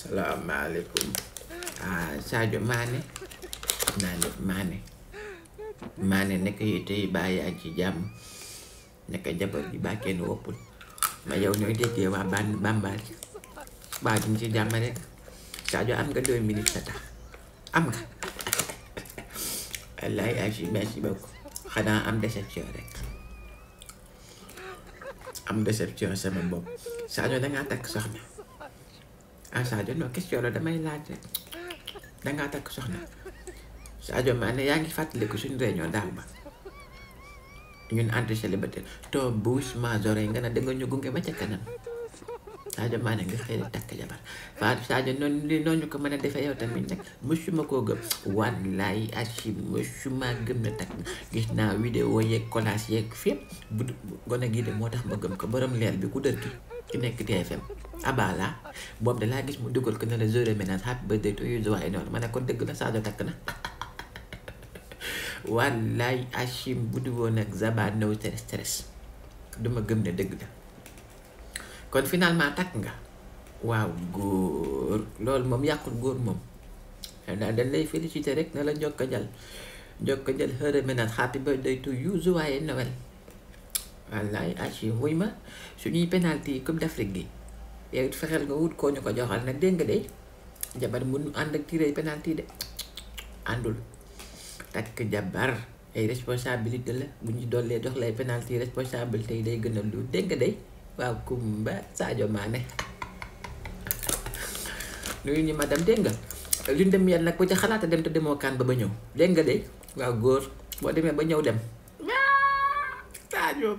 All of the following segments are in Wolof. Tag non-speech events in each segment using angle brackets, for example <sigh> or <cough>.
Assalamualaikum. Ah, sao mane ma này? Là được ma này. Ma này nó cái gì bay anh chị dâm. Nó cái dâm bật đi ba pun. Mà dâu nói dia ban ban ban. Ba chúng chị dâm này. Sao cho ăn cái đuôi mình ta. Ăn à? Lấy anh chị bé chị bầu. Khả năng ăn Am deception sama Bob. Saatnya dia tak sama. ah Sadio non question la damay laaj rek dangaa takk soxna Sadio Mané yaa ngi fàttaliku suñu réunion daaw ba ñun entre célibataire to bouche majoré nga ne danga ñu gunge ba ca kanam Sadio Mané nga xëy takk jabar fa Sadio noonu li noonu ñu ko mën a defee yow tamit nag mësuma koo gëm wallaay archi mësuma gëm na takk gis naa vidéo yeeg collage yeeg fépp bu gone gi de moo tax ma gëm ko borom leer bi ku dër ki nekk TFM Abba la boobu da laa gis mu dugal ko ne la jour ménage happy birthday to you waaye noonu ma ne ko na <laughs> gëm dëgg la kon finalement takk nga waaw góor loolu moom yàqul góor moom xanaa dañ lay féliciter rek alaaji huyma suñuy penalty yi coupe d' afrique gi yow it fexeel nga wut koo ñu joxal nag dégg de jabar mun ànd ak tiré penalty de àndul takk jabar ay responsabilité la bu ñu dollee jox lay penalty responsabilité yi day gën a lu dégg nga de waaw Kumba Sadio Mané nuyu ñu ma dem dégg nga lu dem yàlla nag bu xalaata dem te demoo ba ba ñëw dégg de waaw góor boo demee ba dem aju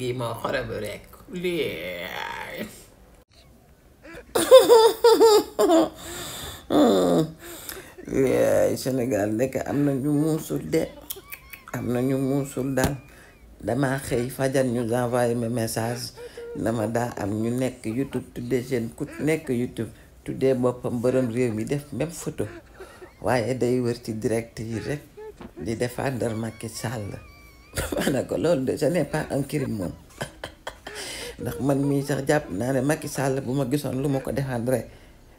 gi moo xorobu rek Sénégal ndekk am na ñu muusul de am na ñu muusul daal dama xëy fajar ñu envoyé ma message na ma daa am ñu nekk YouTube tuddee seen ku nekk YouTube tuddee boppam bërëm réew mi def même photo waaye day wërti ci direct yi rek di défendre Macky Sall ma <laughs> ne ko loolu de ce n'est pas un crime moom <laughs> ndax man mii sax jàpp naa ne Macky sàll bu ma gisoon lu ma ko défendre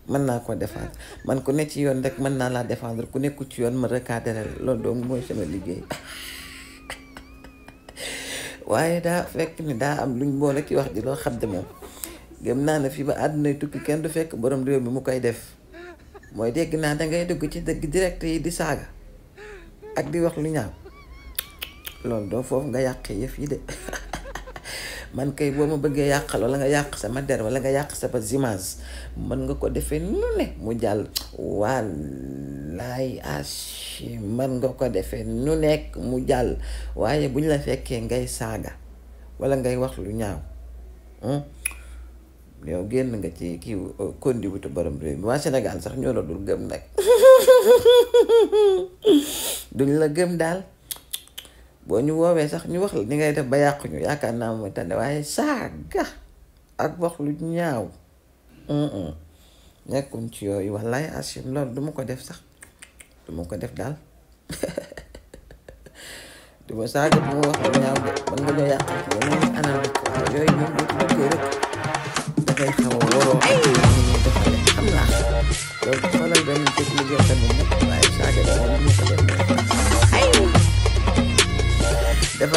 mën naa ko défendre man ku ne ci yoon rek mën naa laa défendre ku nekku ci yoon ma recadré loolu doom mooy sama liggéey <laughs> waaye daa fekk ni daa am luñ boole ci wax ji loo xam ne moom gëm naa ne fii ba àdduna tukki kenn du fekk borom réew mi mu koy def mooy dégg naa dangay dugg ci dëgg direct yi di saaga ak di wax lu ñaaw loolu doo foofu nga yàqee yëf yi de <laughs> man kay boo ma bëggee yàqal wala nga yàq sama der wala nga yàq sama image man nga ko defee nu ne mu jàll wallaay achi man nga ko defee nu nekk mu jàll waaye bu ñu la fekkee ngay saaga wala ngay wax lu ñaaw hmm? yow génn nga ci kii uh, conduite borom réew mi waa Sénégal sax ñoo la dul gëm nag <laughs> duñ la gëm daal boo ñu woowee sax ñu wax la ni ngay def ba yàqu ñu yaakaar naa mooy tànn waaye saaga ak wax lu ñaaw nekkuñ ci yooyu wallaay asim loolu duma ko def sax duma ko def daal duma saaga duma wax lu ñaaw de man nga ñoo yàqu ci yeneen anam yooyu moom bu tukkee rek dangay xaw a waroo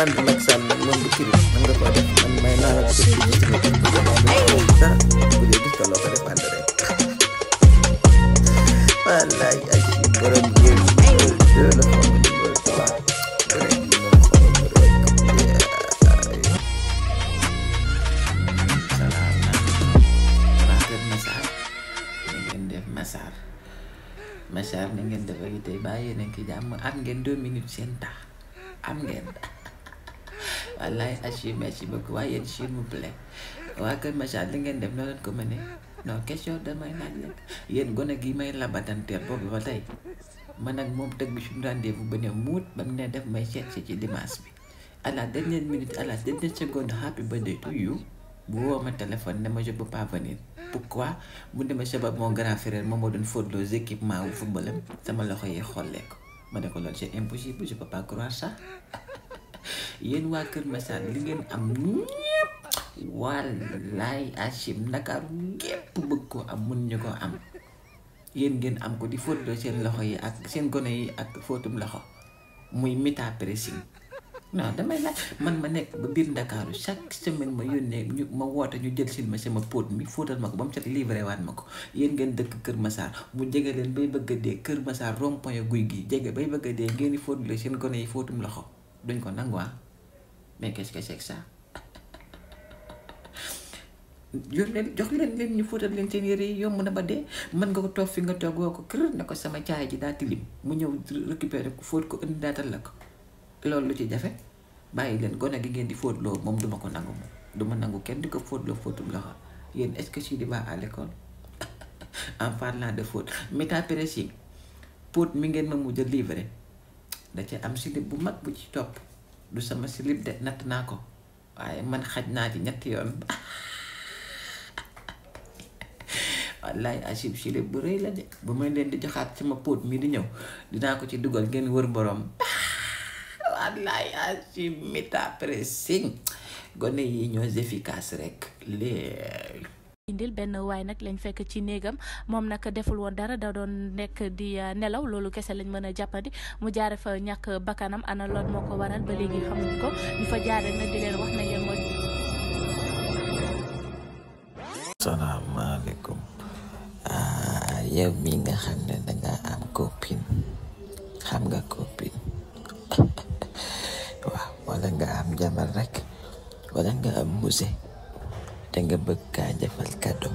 Bukan pemaksaan membuat Anggap ada mainan atau Kita Begitu kalau ada pandai Malay asyik Barang game Dalam Masar Masar ni gen dewe ite baye jam am gen 2 minutes am gen Allah asyik macam macam kau yang sih mubla. Kau kau macam ada yang demi orang mana? No kesyor dah main aja. Yang gua nak gimai lah badan tiap bawa batai. Mana mub tak bisu dan dia bukannya mood bermain dah macam macam jadi masbi. Allah dengannya minit Allah dengannya cegon happy birthday to you. Buah mana telefon nama je bapa venir. Pukwa, bunda macam bapa mau gerak firman mau modern football zikip mau football sama lah kau yang kholek. Mana kalau je impossible je bapa kurasa. Yen wa Kër Massar li ngeen am ñëpp wallaay Achim Ndakaaru ñëpp bëgg ko am mën ñu ko am ngeen kan, am ko di fóotloo seen loxo yi ya, ak seen gone yi ak fóotum loxo muy méta pressing non damay laaj man ma nekk ba biir Ndakaaru chaque semaine ma yónnee ñu ma woote ñu jël si ma sama póot mi fóotal ma ko ba mu set livré waat ma ko yéen ngeen kan, dëkk Kër Massar mu jege bay bëgg Kër gi bay bëgg ngeen di seen gone yi fóotum loxo duñ ko wa mais qu'est-ce que c'est leen jox leen leen ñu fóotal leen seen yére yi yomb na ba dee mën nga ko toog fi nga toog woo ko kër ne ko sama caay ji daa tilim mu ñëw récupérer ko fóot ko indi daatal la ko loolu lu ci jafe bàyyi leen gone gi ngeen di fóotloo moom duma ko nangu moom duma nangu kenn di ko fóotloo fóotum loxo yéen est si di baax à l'école <laughs> en parlant de faute métapressing pot mi ngeen ma mujj a livré da am si bu mag bu ci topp du sama slip de natt naa ko waaye man xaj naa ci ñetti yoon <laughs> wallaay asib slip bu rëy la de bu may leen di joxaat sama póot mi di ñëw dinaa ko ci dugal ngeen wër boroom <laughs> wallaay asib mita pressing gone yi ñoo efficace rek léegi indil benn waay nag lañ fekk ci néegam moom nag deful woon dara da doon nekk di euh, nelaw loolu kese lañ mën a jàppandi mu jaare fa ñàkk bakkanam ana lool moo ko waral ba léegi ah, xam ne danga am copine xam nga copine <laughs> waaw wala nga am jabar rek wala nga am musée te nga bëgg kaa defal cadeau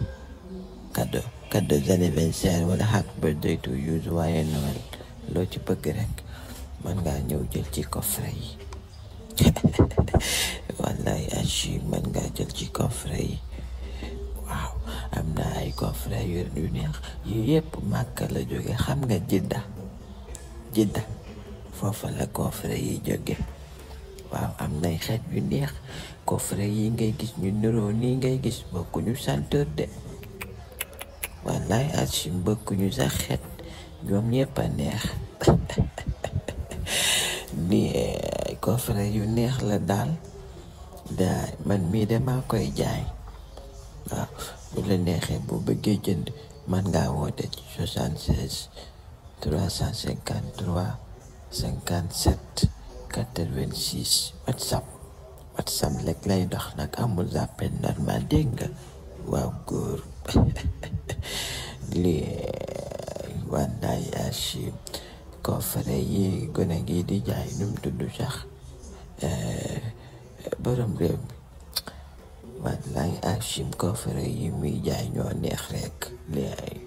cadeau cadeau d'anniversaire wala happy birthday to you waaye Noël loo ci bëgg rek man ngaa ñëw jël ci coffre yi <laughs> wallahi achi man ngaa jël ci kofre yi waaw am na ay coffre yu neex yi yëpp màkka la jóge xam nga jidda jidda foofa la coffre yi jóge waaw am nay xeet yu neex coffret yi ngay gis ñu niroo nii ngay gis bokkuñu santeur de wallaay asim bokkuñu sax xeet ñoom ñëpp a neex <laughs> ni eh, coffret yu neex la daal daay man mii damaa koy jaay waaw bu la neexee bu bëggee jënd man ngaa woote ci 76 353 57 86 whatsapp whatsapp lekk lay dox nag amul appel normal dégg <laughs> yi gone gi di jaay num tudd sax eh, borom réew mi wandaay achi coffre yi muy jaay ñoo neex rek li